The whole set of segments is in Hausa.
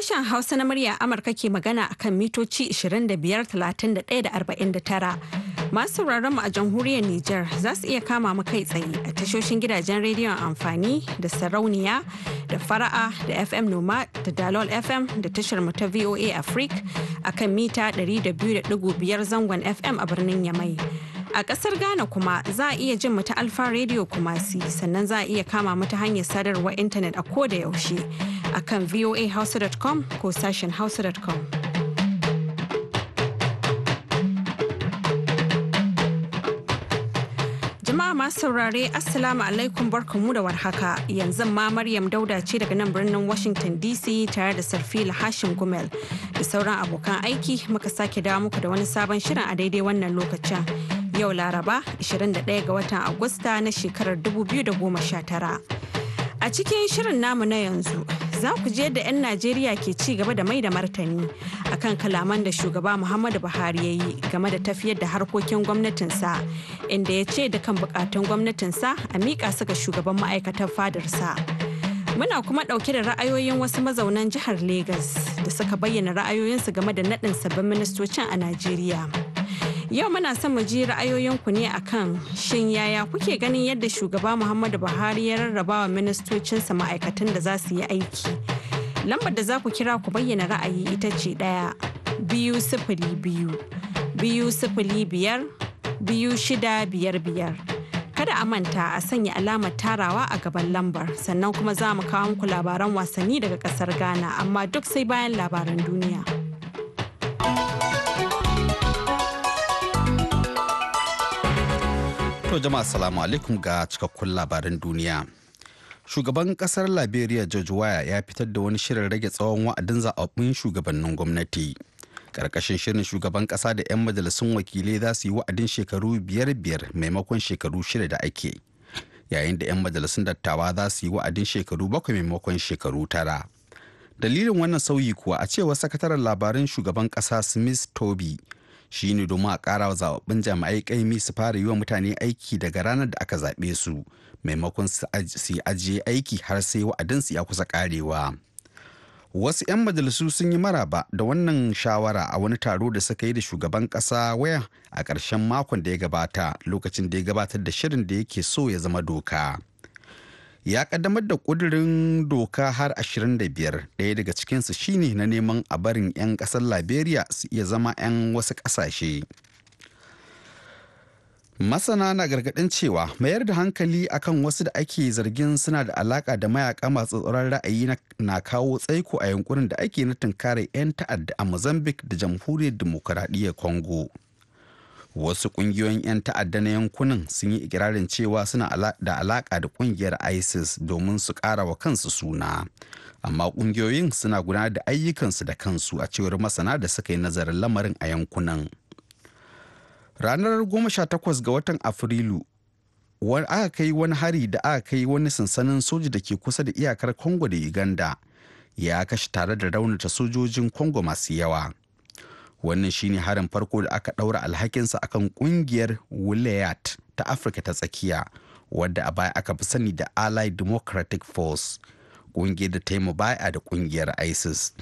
Sashen Hausa na murya Amurka ke magana a kan mitoci 25,31,49. Masu mu a jamhuriyar Nijar za su iya kama mu kai tsaye a tashoshin gidajen rediyon amfani da sarauniya da fara'a da FM Noma da Dalol FM da tashar mu ta VOA Africa a kan mita 200.5 zangon FM a birnin Yamai. A ƙasar Ghana kuma za a iya jin mu ta Alfa Radio Kumasi sannan za a iya kama mu ta hanyar sadarwar intanet a ko da yaushe a kan voahouse.com ko sashen hausa.com. Jama'a masu saurare Assalamu alaikum barkanmu da warhaka yanzu ma Maryam Dauda ce daga nan birnin Washington DC tare da Sarfila Hashim Gumel da sauran abokan aiki muka sake dawo muku da wani sabon shirin a daidai wannan lokacin. yau Laraba 21 ga watan Agusta na shekarar 2019. A cikin shirin namu na yanzu za ku je da 'yan Najeriya ke ci gaba da mai da martani akan kalaman da shugaba Muhammadu Buhari ya yi game da tafiyar da harkokin gwamnatinsa inda ya ce da kan bukatun gwamnatinsa a miƙa su ga shugaban ma'aikatan fadarsa. Muna kuma ɗauke da ra'ayoyin wasu mazaunan jihar Legas da suka bayyana ra'ayoyinsu game da naɗin sabbin ministocin a Najeriya. Yau muna son mu ji ra'ayoyinku ne akan shin yaya kuke ganin yadda shugaba Muhammadu Buhari ya rarrabawa ministocinsa ma'aikatan da za su yi aiki. Lambar da za ku kira ku bayyana ra'ayi ita ce ɗaya biyu sifili biyu biyu sifili biyar biyu shida biyar biyar. Kada a manta a sanya alamar tarawa a gaban lambar sannan kuma za mu kawo muku labaran wasanni daga ƙasar Ghana amma duk sai bayan labaran duniya. To jama'a salamu alaikum ga cikakkun labaran duniya. Shugaban kasar Liberia George Waya ya fitar da wani shirin rage tsawon wa'adin zaɓaɓɓun shugabannin gwamnati. ƙarƙashin shirin shugaban ƙasa da 'yan majalisun wakilai za su yi wa'adin shekaru biyar biyar maimakon shekaru shida da ake. Yayin da 'yan majalisun dattawa za su yi wa'adin shekaru bakwai maimakon shekaru tara. Dalilin wannan sauyi kuwa a cewar sakataren labaran shugaban ƙasa Smith Toby shine domin a ƙara wa zababbin jami'ai kaimi su fara yi wa mutane aiki daga ranar da aka zaɓe su maimakon su ajiye aiki har sai su ya kusa ƙarewa. wasu 'yan majalisu sun yi maraba da wannan shawara a wani taro da suka yi da shugaban ƙasa waya a ƙarshen makon da ya gabata lokacin da ya gabatar da shirin da yake so ya zama doka. ya kaddamar da kudirin doka har 25 ɗaya daga cikinsu shine na neman a barin 'yan ƙasar liberia su iya zama 'yan wasu ƙasashe masana na gargaɗin cewa mayar da hankali akan wasu da ake zargin suna da alaƙa da mayaka masu tsoron ra'ayi na kawo tsaiko a yankunan da ake na tunkarar 'yan ta'adda a mozambique da jamhuriyar dimokuraɗiyyar congo wasu kungiyoyin 'yan ta'adda na yankunan sun yi ikirarin cewa suna da alaka da kungiyar isis domin su kara wa kansu suna amma kungiyoyin suna gudanar da ayyukansu da kansu a cewar masana da suka yi nazarin lamarin a yankunan ranar 18 ga watan afrilu aka kai wani hari da aka kai wani sansanin soji da ke kusa da iyakar Kongo da uganda ya kashe tare da raunata sojojin Kongo masu yawa wannan shine harin farko da aka ɗaura alhakinsa akan ƙungiyar wilayat ta afirka ta tsakiya wadda a baya aka fi sani da allied democratic force ƙungiyar da ta yi mabaya da ƙungiyar isis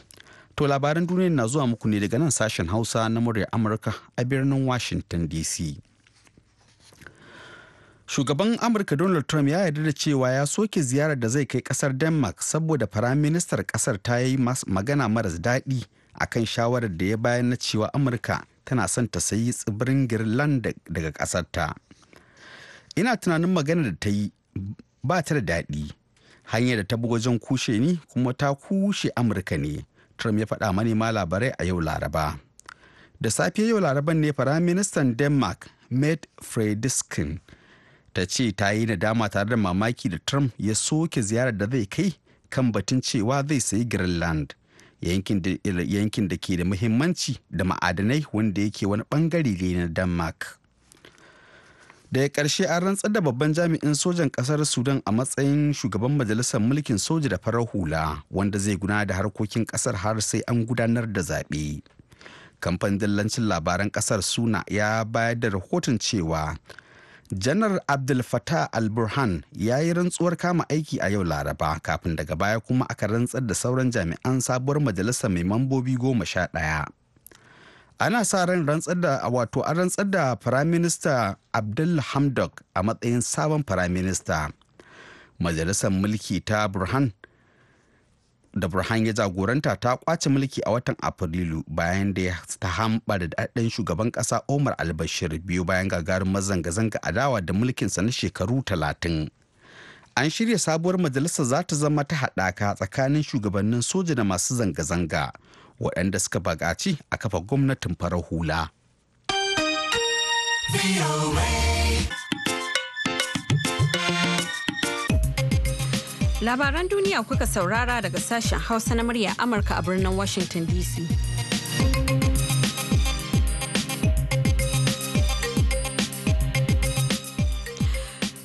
to labaran duniya na zuwa muku ne daga nan sashen hausa na muryar amurka a birnin washington dc shugaban amurka donald trump ya yarda da cewa ya soke ziyarar da zai kai kasar denmark saboda firaministar kasar ta yi magana maras daɗi akan shawarar da ya bayar na cewa amurka tana son ta sayi tsibirin Greenland daga ƙasarta ina tunanin magana da ta yi ba ta da daɗi hanyar da ta bi wajen kushe ni kuma ta kushe amurka ne trump ya faɗa manema labarai a yau laraba da safiya yau laraban ne ministan denmark med frediskin ta ce ta yi nadama tare da mamaki da trump ya soke ziyarar da zai kai kan batun cewa zai sayi greenland yankin da ke da muhimmanci da ma'adanai wanda yake wani bangare ne na denmark daga ƙarshe an rantsar da babban jami'in sojan ƙasar sudan a matsayin shugaban majalisar mulkin soja da farar hula wanda zai guna da harkokin ƙasar har sai an gudanar da zaɓe kamfanin dillancin labaran ƙasar suna ya bayar da rahoton cewa janar abdul fatah al-burhan ya yi rantsuwar kama aiki a yau laraba kafin daga baya kuma aka rantsar da sauran jami'an sabuwar majalisa mai mambobi goma sha ɗaya ana sa ran rantsar da wato an rantsar da firaminista abdul hamdok a matsayin sabon firaminista majalisar mulki ta burhan da burhan ya jagoranta ta kwace mulki a watan afrilu bayan da ya ta hamba da daɗin shugaban ƙasa omar albashir biyu bayan gagarin mazanga-zanga a dawa da mulkinsa na shekaru talatin an shirya sabuwar Majalisa za ta zama ta haɗaka tsakanin shugabannin soja da masu zanga-zanga waɗanda suka bagaci a kafa gwamnatin farar hula. Labaran duniya kuka saurara daga sashen Hausa na murya Amurka a birnin Washington DC.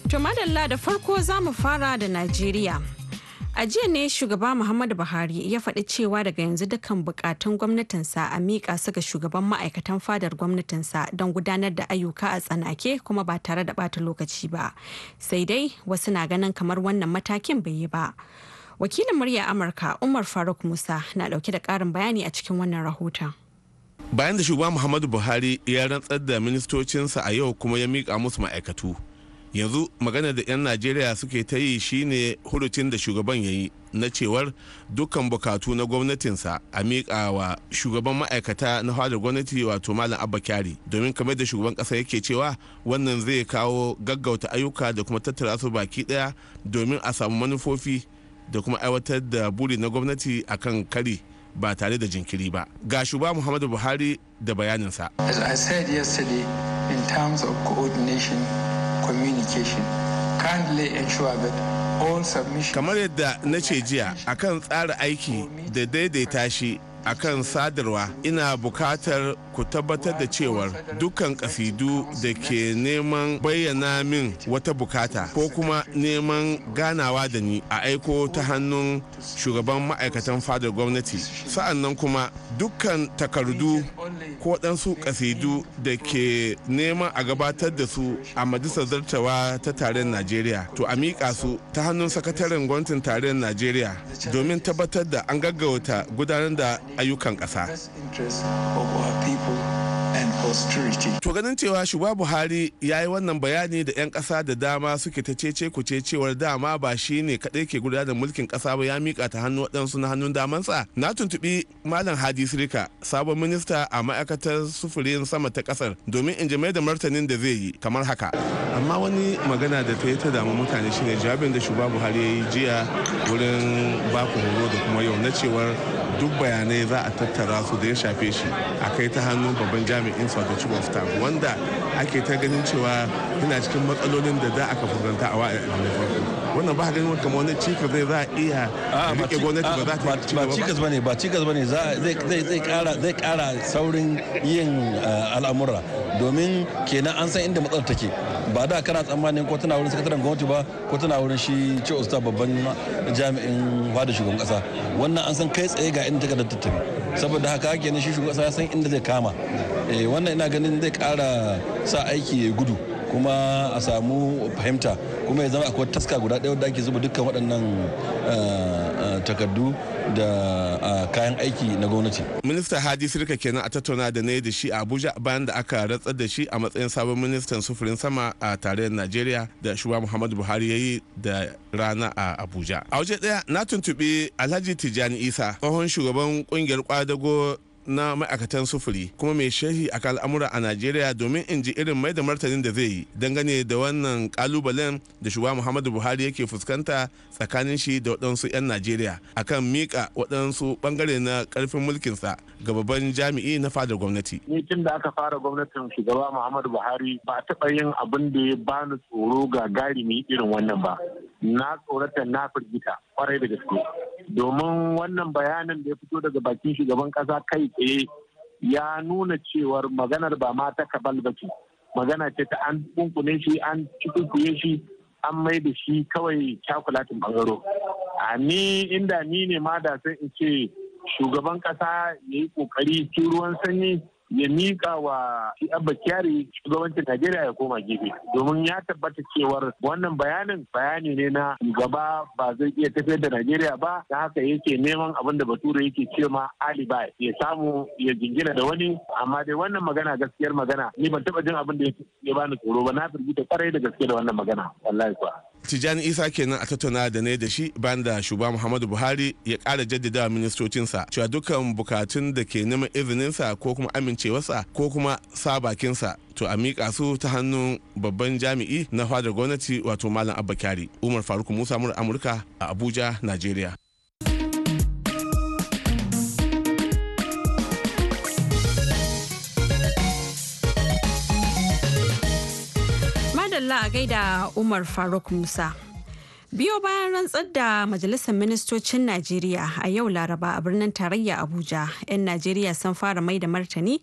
To madalla da farko za mu fara da Najeriya. A jiya ne shugaba Muhammadu Buhari ya faɗi cewa daga yanzu dukkan bukatun gwamnatinsa a miƙa su ga shugaban ma'aikatan fadar gwamnatinsa don gudanar da ayyuka a tsanake kuma ba tare da ɓata lokaci ba. Sai dai wasu na ganin kamar wannan matakin bai yi ba. Wakilin murya Amurka Umar Faruk Musa na ɗauke da ƙarin bayani a cikin wannan rahoton. Bayan da shugaba Muhammadu Buhari ya rantsar da ministocinsa a yau kuma ya miƙa musu ma'aikatu. yanzu magana da 'yan najeriya suke ta yi shine hurucin da shugaban ya yi na cewar dukkan bukatu na gwamnatinsa a miƙa wa shugaban ma'aikata na fadar gwamnati wato malam abba kyari domin kamar da shugaban ƙasa yake cewa wannan zai kawo gaggauta ayyuka da kuma tattara su baki ɗaya domin a samu manufofi da kuma aiwatar da buri na gwamnati akan kari ba tare da jinkiri ba ga shugaba muhammadu buhari da bayaninsa as i said yesterday in terms of coordination communication kindly ensure that kamar yadda na ce jiya akan tsara aiki da daidaita shi akan sadarwa ina bukatar ku tabbatar da cewar dukkan kasidu da ke neman bayyana min wata bukata ko kuma neman ganawa da ni a aiko ta hannun shugaban ma'aikatan fadar gwamnati sa'annan kuma dukkan takardu ko ɗansu kasidu da ke neman a gabatar da su a majalisar zartawa ta tarayyar najeriya to a miƙa su ta hannun sakataren gwamnatin tarayyar najeriya domin tabbatar da an gaggauta gudanar da ayyukan ƙasa. austerity. To ganin cewa shugaba Buhari ya yi wannan bayani da 'yan kasa da dama suke ta cece ku cewar dama ba shi ne kaɗai ke gudanar da mulkin ƙasa ba ya mika ta hannu waɗansu na hannun damansa. Na tuntuɓi Malam Hadi Sirika, sabon minista a ma'aikatar sufurin sama ta kasar domin in ji mai da martanin da zai yi kamar haka. Amma wani magana da ta yi ta damu mutane shine jawabin da shugaba Buhari ya yi jiya wurin baku horo da kuma yau na cewar duk bayanai za a tattara su da ya shafe shi a kai ta hannun babban jami'in for of time wanda ake ta ganin cewa yana cikin matsalolin da za a kafuranta a wa'adi na farko wannan ba ganin kamar wani cikas ne za a iya rike gwamnati ba za ta yi ba cikas bane ba cikas bane zai kara zai kara saurin yin eh, al'amura domin kenan an san inda matsalar take ba da kana tsammanin ko tana wurin sakataren gwamnati ba ko tana wurin shi ce usta babban jami'in fada shugaban kasa wannan an san kai tsaye ga inda take da tattabi saboda haka kenan shi shugaban kasa ya san inda zai kama Eh, wannan ina ganin zai kara sa aiki ya gudu kuma a samu fahimta kuma ya zama akwai taska guda ɗaya wadda ake zuba dukkan waɗannan eh, eh, takardu da kayan aiki na gwamnati. Minista Hadi Sirka kenan a tattauna da na da shi a Abuja bayan da aka ratsa da shi a matsayin sabon ministan sufurin sama a tarayyar Najeriya da shugaba Muhammadu Buhari ya yi da rana a Abuja. A waje ɗaya na tuntuɓi Alhaji Tijjani Isa tsohon shugaban ƙungiyar kwadago na ma'aikatan sufuri kuma mai shehi a al'amura a najeriya domin in ji irin mai da martanin da zai yi dangane da wannan kalubalen da shugaba muhammadu buhari yake fuskanta tsakanin shi da waɗansu 'yan najeriya akan mika waɗansu bangare na karfin mulkinsa ga babban jami'i na fadar gwamnati ni tun da aka fara gwamnatin shugaba muhammadu buhari ba taɓa yin abin da ya bani tsoro ga garimi irin wannan ba na tsorata na firgita kwarai da gaske domin wannan bayanin da ya fito daga bakin shugaban kasa kai tsaye ya nuna cewar maganar ba ma ta kabal ba ce magana ce ta an kunkune shi an cikunkuye shi an mai da shi kawai cakulatin bangaro a ni inda ni ne ma da sai in ce shugaban kasa ya yi kokari ruwan sanyi ya mika wa shi abba kyari shugabancin najeriya ya koma gefe domin ya tabbata cewar wannan bayanin bayani ne na gaba ba zai iya tafiyar da najeriya ba ta haka yake neman abin da bature yake cewa ma alibi ya samu ya jingina da wani amma dai wannan magana gaskiyar magana ni ban taba jin abin da ya bani tsoro ba na firgita kwarai da gaske da wannan magana wallahi kuwa Tijani isa kenan a tattauna da ne da shi bayan da shugaba muhammadu buhari ya kara jaddada wa ministocinsa cewa dukkan bukatun da ke neman izininsa ko kuma amincewarsa ko kuma sabakinsa to a miƙa su ta hannun babban jami'i na fadar gwamnati wato malam abba kyari umar faruk musa mura amurka a abuja najeriya a gaida Umar Faruk Musa. Biyo bayan rantsar da Majalisar Ministocin Najeriya a yau Laraba a birnin tarayya Abuja, 'yan Najeriya sun fara mai da martani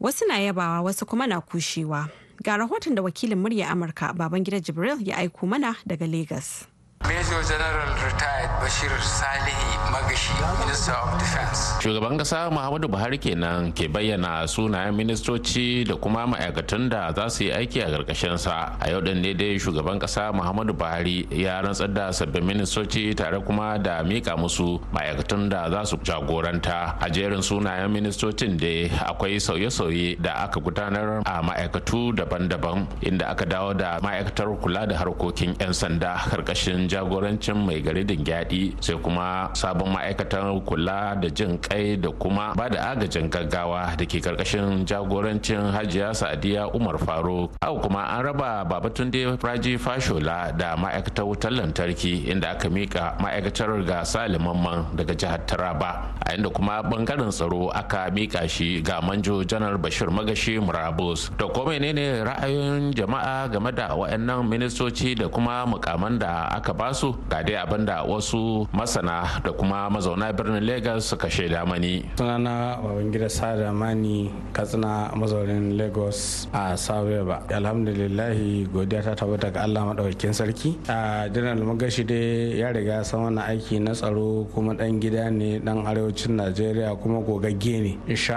wasu na yabawa wasu kuma na kushewa. Ga rahoton da wakilin murya Amurka Babangida Jibril ya aiko mana daga Legas. Major General Retired Bashir Salihi Magashi, Minister of Defense. Shugaban kasa Muhammadu Buhari kenan ke bayyana sunayen ministoci da kuma ma'aikatan da za su yi aiki a ƙarƙashinsa. A yau ne dai shugaban kasa Muhammadu Buhari ya rantsar da sabbin ministoci tare kuma da mika musu ma'aikatan da za su jagoranta. A jerin sunayen ministocin da akwai sauye-sauye da aka gudanar a ma'aikatu daban-daban inda aka dawo da ma'aikatar kula da harkokin 'yan sanda karkashin jagorancin mai gari din gyaɗi sai kuma sabon ma'aikatar kula da jin kai da kuma ba da agajin gaggawa da ke karkashin jagorancin hajiya sadiya umar faruk haka kuma an raba babatunde raji fashola da ma'aikatar wutar lantarki inda aka mika ma'aikatar ga salimanman daga jihar taraba a inda kuma bangaren tsaro aka mika shi ga manjo janar bashir magashi murabus da kuma ne ra'ayoyin jama'a game da waɗannan ministoci da kuma mukaman da aka su ga dai abin da wasu masana da kuma mazauna birnin lagos suka shaida mani sunana gida sada mani katsina mazaunin lagos a sawe ba alhamdulillahi godiya ta tabbata ga allah maɗaukakin sarki a janar magashi dai ya riga sama na aiki na tsaro kuma dan gida ne dan arewacin najeriya kuma gogagge ne insha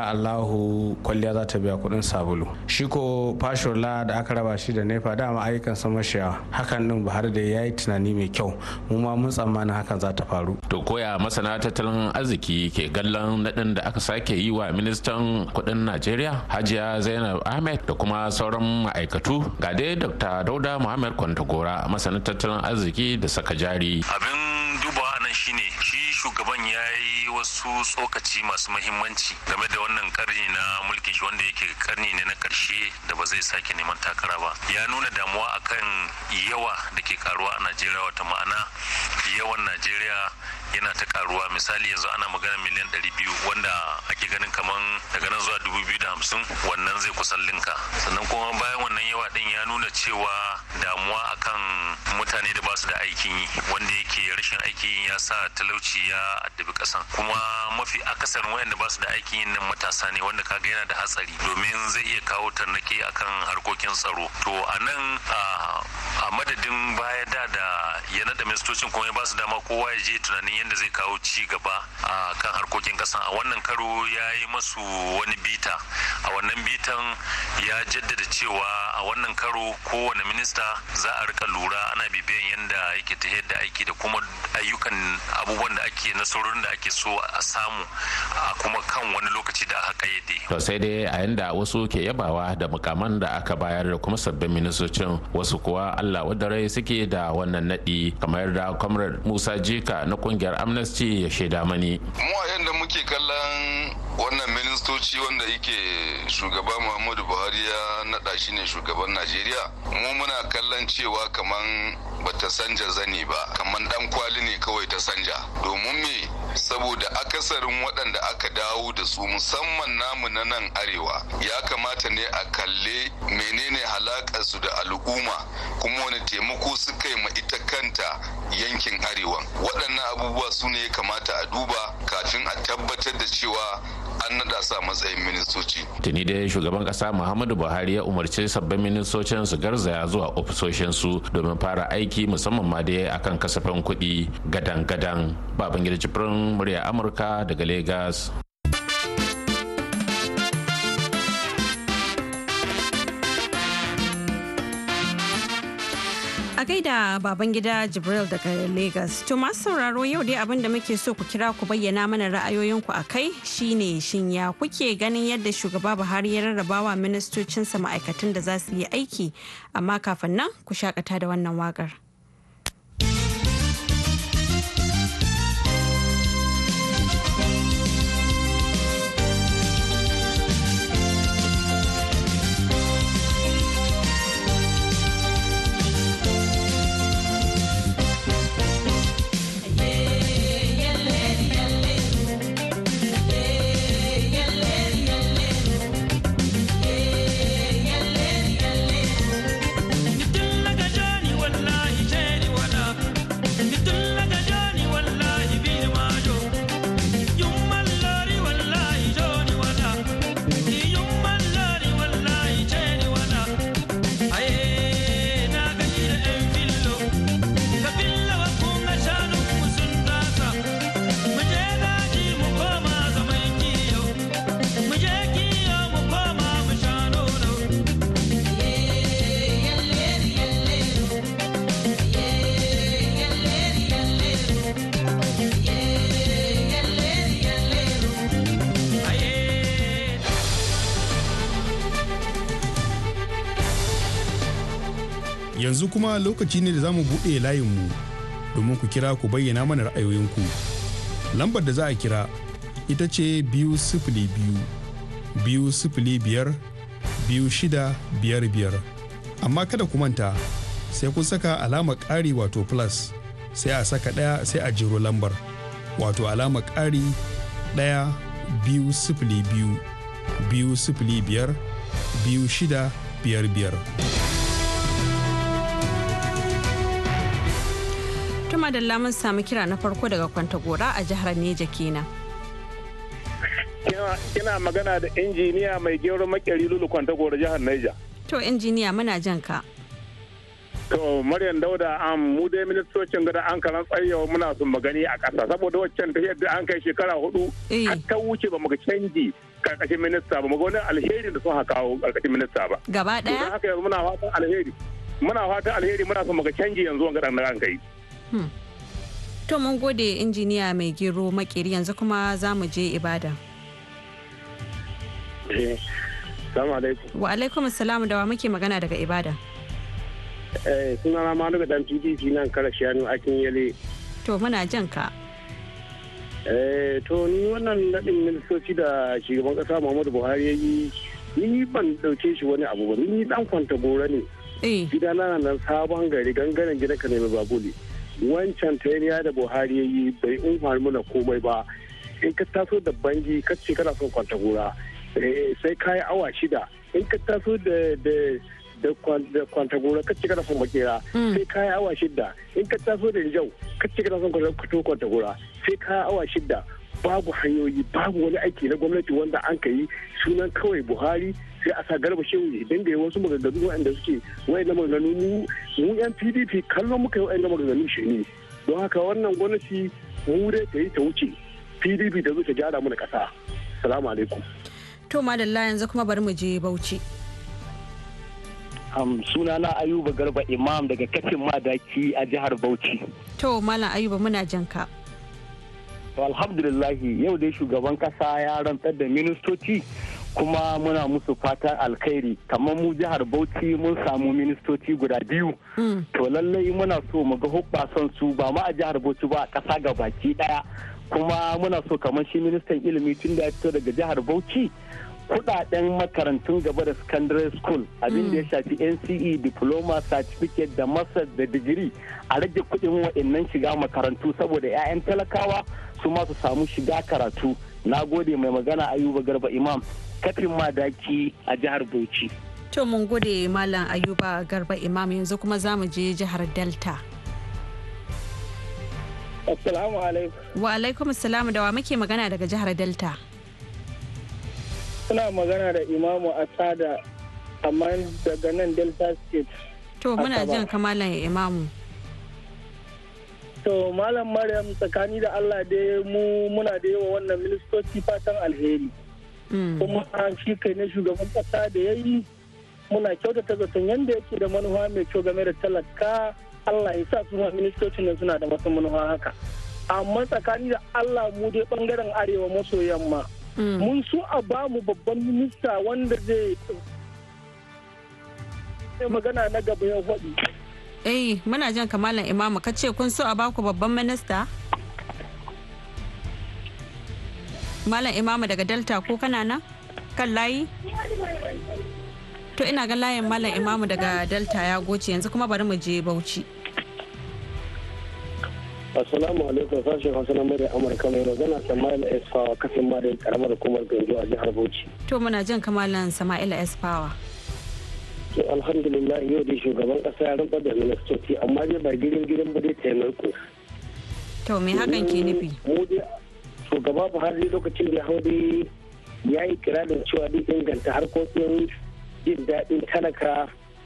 kwalliya za ta biya kuɗin sabulu shi ko fashola da aka raba shi da nefa dama ayyukan sama hakan din buhari da ya yi tunani mai kyau mu ma mun tsammanin hakan za ta faru to koya masana tattalin arziki ke gallan nadin da aka sake yi wa ministan kudin najeriya hajiya zainab ahmed da kuma sauran ma'aikatu ga dai dr dauda muhammad kwantagora masana tattalin arziki da saka jari abin duba shugaban ya yi wasu tsokaci masu mahimmanci game da wannan karni na mulkin shi wanda yake karni ne na karshe da ba zai sake neman takara ba ya nuna damuwa akan yawa da ke karuwa a najeriya wata ma'ana yawan najeriya yana ta karuwa misali yanzu ana magana miliyan 200 wanda ake ganin kamar daga nan zuwa 2050 wannan zai kusan linka sannan kuma bayan wannan yawa din ya nuna cewa damuwa akan aikin yi wanda yake rashin aikin ya sa talauci ya addabi kasan kuma mafi akasarin wayanda ba su da aikin yin nan matasa ne wanda kaga yana da hatsari domin zai iya kawo tarnaki akan harkokin tsaro to a nan a madadin baya da da ya nada ministocin kuma ya ba su dama kowa ya je tunanin yadda zai kawo ci gaba a kan harkokin kasan a wannan karo ya yi masu wani bita a wannan bitan ya jaddada cewa a wannan karo kowane minista za a rika lura ana bibiyan yadda yake ta yadda aiki da kuma ayyukan abubuwan da ake nasarorin da ake so a samu a kuma kan wani lokaci da aka kayyade. to sai dai a yanda wasu ke yabawa da mukaman da aka bayar da kuma sabbin ministocin wasu kuwa allah wadarai suke da wannan nadi kamar da comrade musa jika na kungiyar amnesty ya shaida mani. mu a yanda muke kallon kiristoci wanda yake shugaba muhammadu buhari ya naɗa shi ne shugaban najeriya mu muna kallon cewa kaman bata sanja zani ba kaman dan kwali ne kawai ta sanja domin me saboda akasarin waɗanda aka dawo da su musamman namu na nan arewa ya kamata ne a kalle menene su da al'umma kuma wani taimako suka kai ma ita kanta yankin arewa waɗannan abubuwa su ne ya kamata a duba kafin a tabbatar da cewa an nada sa matsayin ministoci. Tuni dai shugaban kasa Muhammadu Buhari ya umarci sabbin ministocin su garzaya zuwa ofisoshinsu domin fara aiki musamman ma dai akan kasafin kuɗi gadan-gadan. Babangida Cifirin murya Amurka daga Legas. A gaida baban gida Jibril daga Lagos. To masu sauraro yau dai abin da muke so ku kira ku bayyana mana ra'ayoyinku a kai shine shin ya kuke ganin yadda shugaba Buhari ya rarrabawa ministocinsa ma'aikatan da za su yi aiki amma kafin nan ku shakata da wannan wakar. kuma lokaci ne da za mu buɗe layinmu domin ku kira ku bayyana mana ra'ayoyinku. Lambar da za a kira ita ce biyu sifili biyu biyu sifili biyar biyu shida biyar biyar amma kada ku manta sai kun saka alama ƙari wato plus sai a saka ɗaya sai a jiro lambar wato alama ƙari ɗaya biyu sifili biyu biyu sifili biyar biyu shida biyar biyar. madalla mun samu kira na farko daga Kwantagora a jihar Neja kenan. Kina magana da injiniya mai gero makyari lulu Kwantagora jihar Neja. To injiniya muna jan ka. To Maryam Dauda an mu dai ministocin gada an karan tsayewa muna sun magani a ƙasa saboda waccan ta yadda an kai shekara hudu eh. ta wuce ba muka canji karkashin minista ba ga wani alheri da sun haka kawo karkashin minista ba. Gaba ɗaya? Haka yanzu muna fatan alheri. Muna fatan alheri muna son muka canji yanzu wanga ɗan da kai. Hmm. To mun gode injiniya mai gero makeri yanzu kuma za mu je ibada. Eh, wa alaikum salamu da wa muke magana daga ibada. Eh, Suna na malu dan PDP nan kara shanu akin yale. To muna jan ka. Eh, to ni wannan naɗin ministoci da shugaban ƙasa Muhammadu Buhari ya yi ni ban ɗauke shi wani abu ba ni dan kwanta gora ne. Gidana nan sabon gari gangaren gida ka nemi ne. wancan tayariya da buhari ya yi bai umar muna komai ba in ka taso da bangi ka ce kana son kwanta gora eh, sai ka yi awa shida in ka taso da da kwanta gora ka ce kana son makera hmm. sai ka yi awa shida in ka taso da jau ka ce kana son kwanta gora sai ka yi awa shida babu hanyoyi babu wani aiki na gwamnati wanda an ka yi sunan kawai buhari sai a sa garba shehu ya dinga wasu maganganu waɗanda suke waɗanda maganganu mu mu yan pdp kallon muka yi waɗanda maganganu shi ne don haka wannan gwamnati mu dai ta yi ta wuce pdp da zai ta gyara mana ƙasa salamu alaikum to madalla yanzu kuma bari mu je bauchi um, na ayuba garba imam daga kafin madaki a jihar bauchi to malam ayuba muna janka to alhamdulillahi yau dai shugaban kasa ya rantsar da ministoci kuma muna musu fatan alkhairi kamar mu jihar bauchi mun samu ministoci guda biyu hmm. to lallai muna so mu ga hukbasan su ba ma a jihar bauchi ba a kasa ga baki daya kuma muna so kamar shi ministan ilimi tun da ya fito daga jihar bauchi kudaden makarantun gaba da secondary school abin da ya hmm. shafi nce diploma certificate da master da degree a rage kudin wa'annan shiga makarantu saboda 'ya'yan talakawa su masu samu shiga karatu na gode mai magana ayuba garba imam kafin madaki a jihar bauchi to mun gode malam ayuba garba imam yanzu kuma za mu je jihar delta assalamu alaikum wa alaikum assalam da wa muke magana daga jihar delta suna magana da imamu asada amma daga nan delta state to muna jin kamalan imamu to malam maryam tsakani da allah dai mu muna da yawa wannan ministoci fatan alheri Mm. kuma shi kai na shugaban kasa da ya yi muna kyautata zaton yadda yake da manufa mai kyau game da talaka allah ya sa su ministocin nan suna da wasu manufa haka amma tsakani da allah mu dai bangaren arewa maso yamma mm. mun so a ba mu babban minista wanda zai magana na gaba ya faɗi. eh muna jan kamalan imamu ka ce kun so a baku babban minista Malam Imamu daga Delta ko kana nan? Kan layi? To ina ga layin Malam Imamu daga Delta ya goce yanzu kuma bari mu je Bauchi. Assalamu alaikum sashen Hausa na Amurka mai magana Sama'il Esfawa kafin ma da karamar hukumar Gandu a jihar Bauchi. To muna jin kamalan Sama'il Power. To alhamdulillah yau da shugaban kasa ya rubar da ministoci amma dai ba girin girin ba dai taimako. To me hakan ke nufi? shugaba buhari lokacin ya hau ya yi kirarin cewa zai inganta harkokin jin daɗin talaka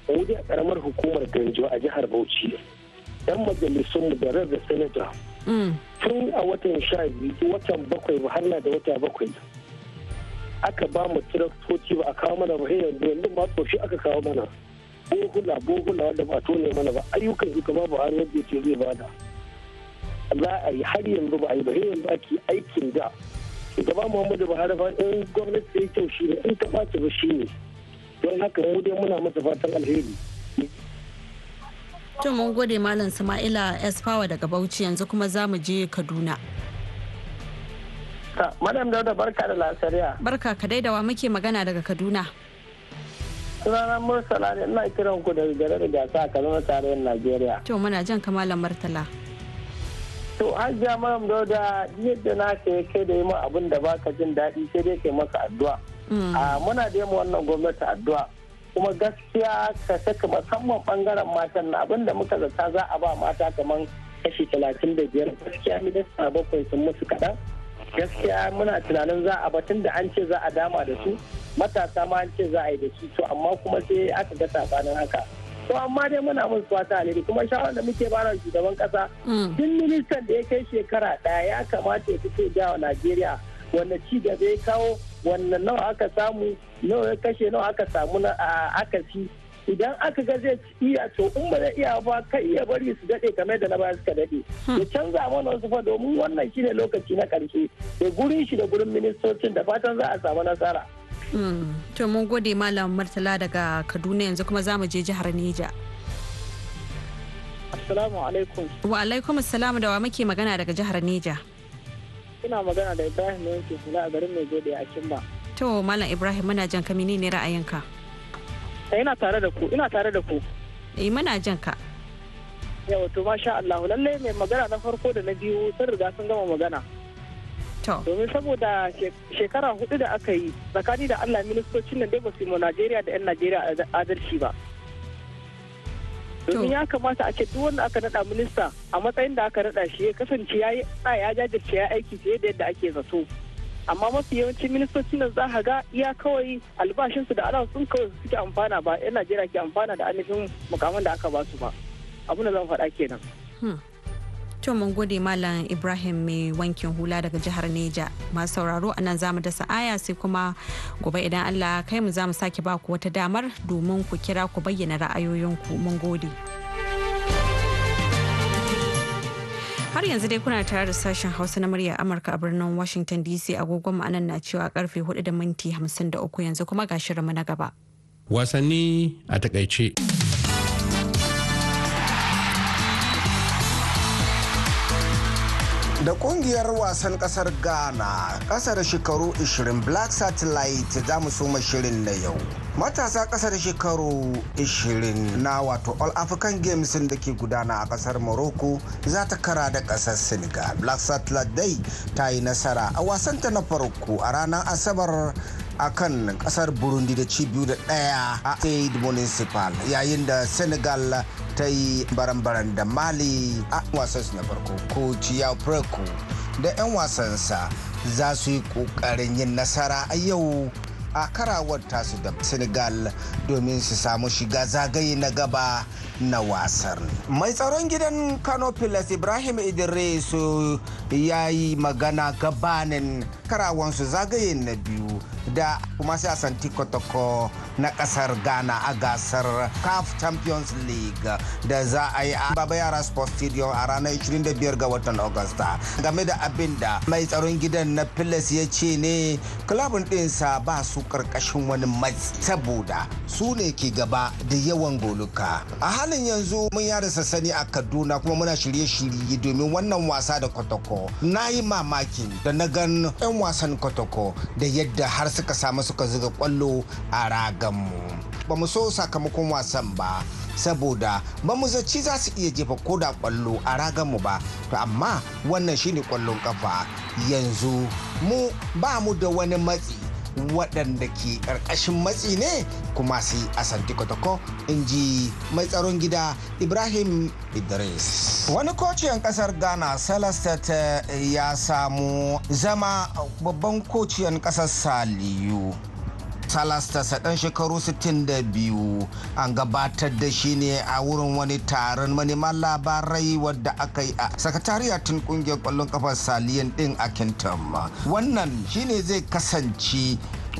a wuri a ƙaramar hukumar ganjo a jihar bauchi dan majalisun da rarra senator mm. tun a watan sha biyu watan bakwai ba wahala da wata bakwai aka ba mu tiraktoci ba a kawo mana ba yanzu yanzu ma tsofi aka kawo mana bohula bohula wanda ba tone mana ba ayyukan shugaba buhari yadda ce zai bada za a yi har yanzu ba a yi ba har yanzu ake aikin da shugaba muhammadu buhari fa in gwamnati ta yi kyau shi ne in ta ɓaci ba shi ne don haka mu dai muna masa fatan alheri to mun gode malam sama'ila esfawa daga bauchi yanzu kuma za mu je kaduna ah, madam dauda barka da lasariya barka ka daidawa muke magana daga kaduna sunana murtala ne ina kiran ku da gare da gasa a kaduna tarayyar najeriya to muna jan kamalan murtala to hajja maram dauda yadda na ke kai da yi ma abin da baka jin daɗi sai dai kai maka addu'a mm. a ah, muna da yamma wannan gwamnati addu'a kuma gaskiya ka saka musamman bangaren matan na abin da muka zata za a ba mata kamar kashi talatin da biyar gaskiya minista bakwai sun musu kaɗan gaskiya muna tunanin za a batun da an ce za a dama da su matasa ma an ce za a yi da su to amma kuma sai aka ga sabanin haka ko amma dai muna mun fata alheri kuma shawarar da muke bara shugaban kasa mm. duk ministan da ya kai shekara daya ya kamata ya fito wa Najeriya wanda ci gaba ya kawo wannan nawa aka samu nawa ya kashe nawa aka samu na aka ci idan aka ga zai iya to in ba zai iya ba kai ya bari su daɗe kamar da na baya suka daɗe hmm. ya canza mana wasu fa domin wannan shine lokaci na karshe da gurin shi da gurin ministocin da fatan za a samu nasara. Mm. to mun gode malam martala daga kaduna yanzu kuma za mu je jihar neja assalamu alaikum wa alaikum assalamu da wa muke magana daga jihar neja ina magana da ibrahim yanke kula a garin mai gode a kimba to malam ibrahim muna jan ka menene ra'ayinka eh, ina tare da ku ina tare da ku eh muna jan ka yawa to masha Allah lalle mai magana na farko da na biyu sun riga sun gama magana domin saboda shekara hudu da aka yi tsakani da allah ministocin nan dai basu su yi najeriya da 'yan najeriya adalci ba domin ya kamata a ce duk wanda aka nada minista a matsayin da aka nada shi ya kasance ya yi ya jajirce ya aiki fiye da yadda ake zato amma mafi yawancin ministocin nan za ga iya kawai albashinsu da alawar sun kawai suke amfana ba yan najeriya ke amfana da ainihin mukamman da aka ba su ba abin da zan faɗa kenan. Hmm. To mun gode Malam Ibrahim mai wankin hula daga jihar Neja. Masu sauraro a nan zamu dasa aya sai kuma gobe idan Allah kai mu zamu sake ba ku wata damar domin ku kira ku bayyana ra'ayoyinku. Mun gode. har yanzu dai kuna tare da sashen hausa na murya amurka a birnin washington dc agogon ma'anan na cewa karfe 4 da minti 53 yanzu kuma ga shirinmu na gaba wasanni a takaice da kungiyar wasan kasar ghana kasar shekaru 20 black satellite za mu soma shirin na yau matasa kasar shekaru 20 na wato all african games da ke gudana a kasar morocco za ta kara da kasar senegal black satellite dai ta yi nasara a wasanta na farko a ranar asabar a kan kasar burundi da ci biyu da daya a state municipal yayin da senegal ta yi baran-baran da mali a su na farko ko ciya preko da 'yan wasansa za su yi kokarin yin nasara a yau a karawar tasu da senegal domin su samu shiga zagaye na gaba na wasan mai tsaron gidan kano pilas ibrahim Idris ya yi magana gabanin karawansu zagaye na biyu da kuma sai a santi kotoko na kasar ghana a gasar caf champions league da za a yi a baba yara sports stadium a ranar 25 ga watan agusta game da abin da mai tsaron gidan na pilas ya ce ne klabin ɗinsa ba su karkashin wani matsi saboda su ne ke gaba da yawan goluka a halin yanzu mun yada sassani a kaduna kuma muna shirye-shirye domin wannan wasa da kotoko na yi mamakin da na gan 'yan wasan kotoko da yadda har suka suka samu suka zuga kwallo a raganmu ba mu so sakamakon wasan ba saboda ba mu zaci za su iya jefa koda kwallo a raganmu ba to amma wannan shine kwallon kafa yanzu mu ba mu da wani matsi waɗanda ke ƙarƙashin matsi ne kuma su yi asanti kwatakwa in ji mai tsaron gida ibrahim idris wani kociyan ƙasar ghana celestet ya samu zama babban kociyan ƙasar saliyu salas tasa ɗan shekaru 62 an gabatar da shi ne a wurin wani taron manema labarai wadda aka yi a sakatariya sakatariyatin ƙungiyar kwallon kafar saliyan ɗin a kintama wannan shi ne zai kasance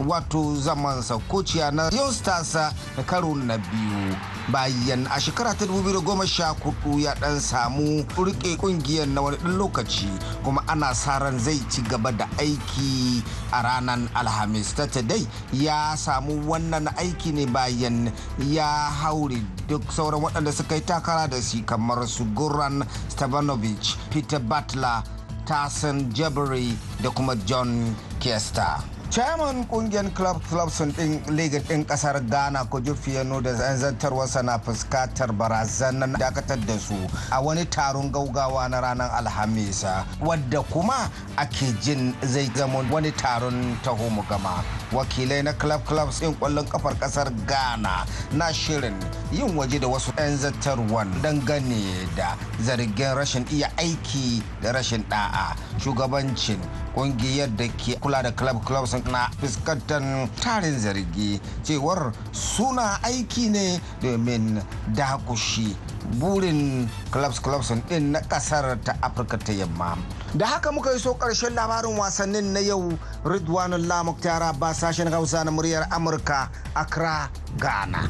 wato zaman saukociya na Young da karo na biyu bayan a shekara ta 2014 ya dan samu rike kungiyar na wani dan lokaci kuma ana sa ran zai ci gaba da aiki a ranar alhamis ta today ya samu wannan aiki ne bayan ya haure duk sauran waɗanda suka yi takara da shi kamar su goran stevanovic peter butler tasan jabari da kuma john kester chairman kungiyar club clubs din liga din kasar ghana kojo fiyano da zantarwarsa na fuskantar barazanar dakatar da su a wani taron gaugawa na ranar alhamisa wadda kuma ake jin zai zama wani taron taho mu gama wakilai na club clubs ɗin kwallon kafar kasar ghana na shirin yin waje da wasu 'yan zattarwan dangane da zargin rashin iya aiki da rashin da'a shugabancin kungiyar da ke kula da club clubs na fuskantar tarin zargi cewar suna aiki ne domin dakushi burin clubs clubs din na kasar ta afirka ta yamma da haka muka yi so karshen labarin wasannin na yau ridwanul lamuk tara ba sashen hausa na muryar amurka accra ghana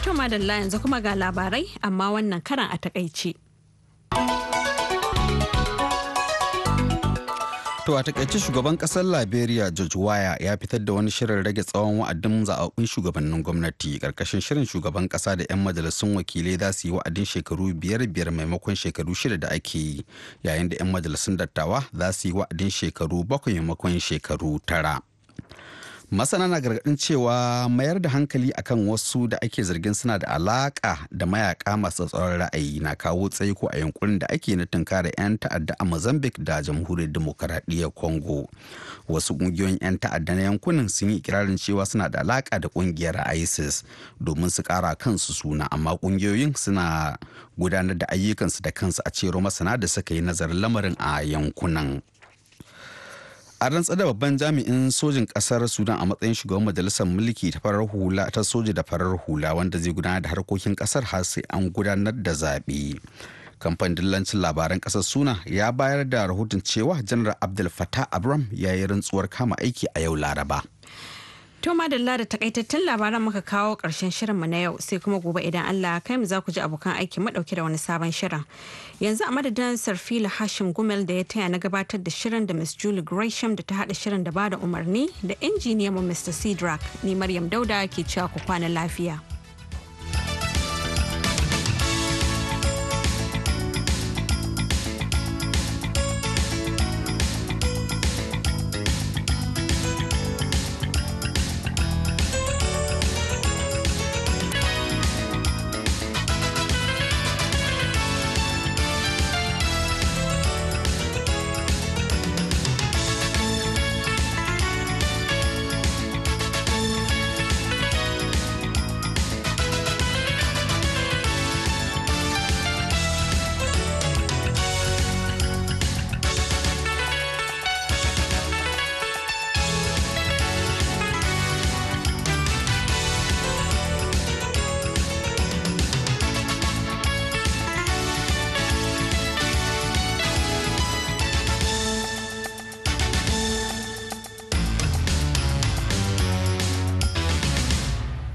to madalla yanzu kuma ga labarai amma wannan karan a takaice. To a takaice shugaban kasar Liberia George Waya ya fitar da wani shirin rage tsawon wa'adin zaɓaɓɓun shugabannin gwamnati ƙarƙashin shirin shugaban ƙasa da 'yan majalisun wakilai za su yi wa'adin shekaru biyar biyar maimakon shekaru shida da ake yi yayin da 'yan majalisun dattawa za su yi wa'adin shekaru bakwai maimakon shekaru tara. masana na gargaɗin cewa mayar da hankali akan wasu da ake zargin suna da alaƙa da mayaka masu tsoron ra'ayi na kawo tsaiko a yankunan da ake na tunkara 'yan ta'adda a mozambique da jamhuriyar demokaradiyyar congo wasu ƙungiyoyin 'yan ta'adda na yankunan sun yi ikirarin cewa suna da alaka da ƙungiyar isis domin su kara kansu suna amma ƙungiyoyin suna gudanar da ayyukansu da kansu a cewar masana da suka yi nazarin lamarin a yankunan. a rantsar da babban jami'in sojin kasar sudan a matsayin shugaban majalisar mulki ta farar hula ta soja da farar hula wanda zai gudanar da harkokin kasar har sai an gudanar da zaɓe kamfanin dillancin labaran kasar suna ya bayar da rahoton cewa janar abdul fatah abram ya yi rantsuwar kama aiki a yau laraba To madalla da takaitattun labaran muka kawo karshen shirin mu na yau sai kuma gobe idan Allah kai mu za ku ji abokan aiki madauke da wani sabon shirin. Yanzu a madadin Sarfila Hashim Gumel da ya taya na gabatar da shirin da Miss Julie Gresham da ta hada shirin da bada umarni da injiniyan mu Mr. Cedric ni Maryam Dauda ke cewa ku kwana lafiya.